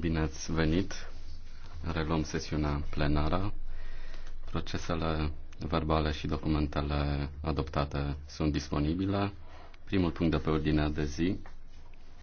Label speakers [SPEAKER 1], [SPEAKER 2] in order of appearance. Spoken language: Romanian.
[SPEAKER 1] Bine ați venit. Reluăm sesiunea plenară. Procesele verbale și documentele adoptate sunt disponibile.
[SPEAKER 2] Primul punct de pe ordinea de zi